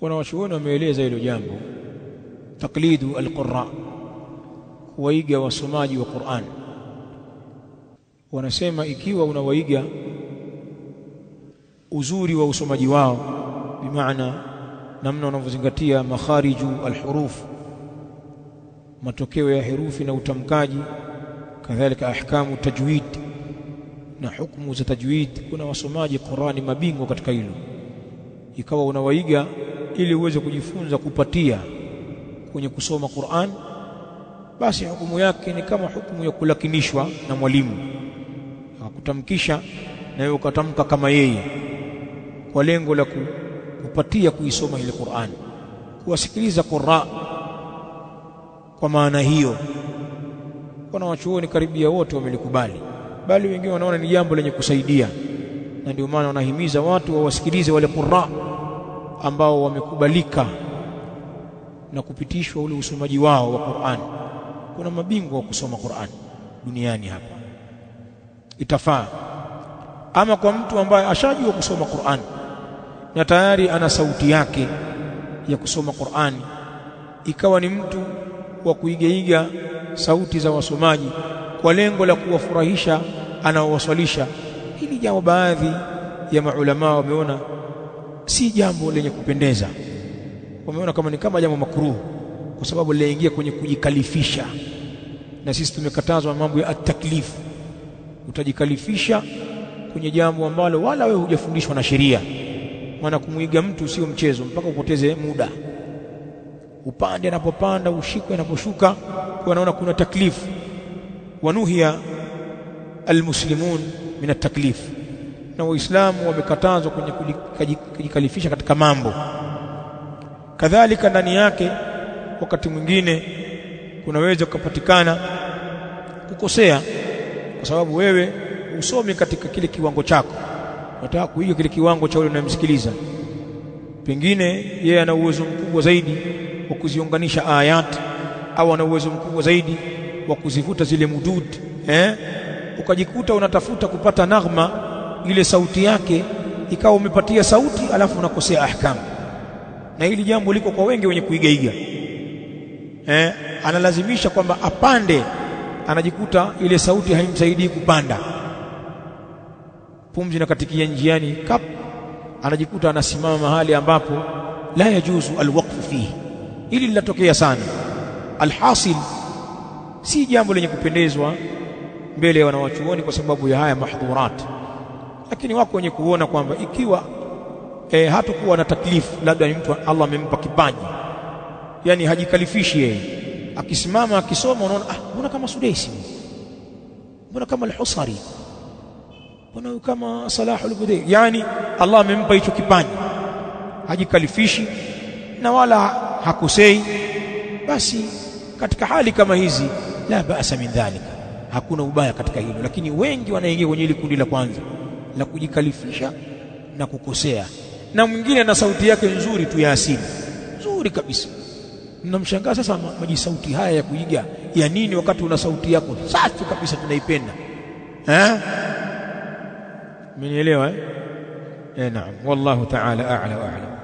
Wanawachuoni wameeleza hilo jambo, taklidu alqurra, kuwaiga wasomaji wa Qur'an. Wanasema ikiwa unawaiga uzuri wa usomaji wao, maana namna wanavyozingatia makhariju alhuruf, matokeo ya herufi na utamkaji, kadhalika ahkamu tajwid na hukumu za tajwid. Kuna wasomaji Qur'ani mabingwa katika hilo, ikawa unawaiga ili uweze kujifunza kupatia kwenye kusoma Qur'an, basi hukumu yake ni kama hukumu ya kulakinishwa na mwalimu akutamkisha na wewe ukatamka kama yeye, kwa lengo la kupatia kuisoma ile Qur'an, kuwasikiliza qurra. Kwa maana hiyo, wachuoni karibia wote wamelikubali, bali wengine wanaona ni jambo lenye kusaidia, na ndio maana wanahimiza watu wawasikilize wale qurra ambao wamekubalika na kupitishwa ule usomaji wao wa Qur'an. Kuna mabingwa wa kusoma Qur'an duniani hapa, itafaa. Ama kwa mtu ambaye ashajua kusoma Qur'an na tayari ana sauti yake ya kusoma Qur'an, ikawa ni mtu wa kuigaiga sauti za wasomaji kwa lengo la kuwafurahisha anaowaswalisha. Hili jambo baadhi ya maulamaa wameona si jambo lenye kupendeza. Wameona kama ni kama jambo makruhu kwa sababu linaingia kwenye kujikalifisha, na sisi tumekatazwa mambo ya ataklifu. Utajikalifisha kwenye jambo ambalo wala wewe hujafundishwa na sheria, maana kumwiga mtu sio mchezo, mpaka upoteze muda upande anapopanda ushikwe anaposhuka. Kwa naona kuna taklifu, wanuhia almuslimun min ataklifu na Waislamu wamekatazwa kwenye kujikalifisha katika mambo kadhalika. Ndani yake wakati mwingine kunaweza kupatikana kukosea, kwa sababu wewe usomi katika kile kiwango chako, unataka kuiga kile kiwango cha yule unayemsikiliza. Pengine yeye ana uwezo mkubwa zaidi wa kuziunganisha ayati au ana uwezo mkubwa zaidi wa kuzivuta zile mudud eh, ukajikuta unatafuta kupata naghma ile sauti yake ikawa umepatia sauti alafu unakosea ahkamu, na hili jambo liko kwa wengi wenye kuigaiga eh, analazimisha kwamba apande, anajikuta ile sauti haimsaidii kupanda, pumzi inakatikia njiani kap, anajikuta anasimama mahali ambapo la yajuzu alwaqfu fihi. Hili linatokea sana. Alhasil, si jambo lenye kupendezwa mbele ya wanawachuoni kwa sababu ya haya mahdhurat. Lakini wako wenye kuona kwamba ikiwa e, eh, hatakuwa na taklifu, labda ni mtu Allah amempa kipaji, yani hajikalifishi yeye, akisimama akisoma, unaona ah, mbona kama Sudaisi, mbona kama Al-Husari, mbona kama Salah Budairi. Yani Allah amempa hicho kipaji, hajikalifishi na wala hakusei, basi katika hali kama hizi la baasa min dhalika, hakuna ubaya katika hilo. Lakini wengi wanaingia kwenye ile kundi la kwanza la kujikalifisha na kukosea, na mwingine ana sauti yake nzuri tu ya asili nzuri kabisa. Namshangaa sasa, maji sauti haya ya kuiga ya nini, wakati una sauti yako safi kabisa, tunaipenda eh? Mmenielewa eh? Eh, naam, wallahu ta'ala a'la wa a'lam.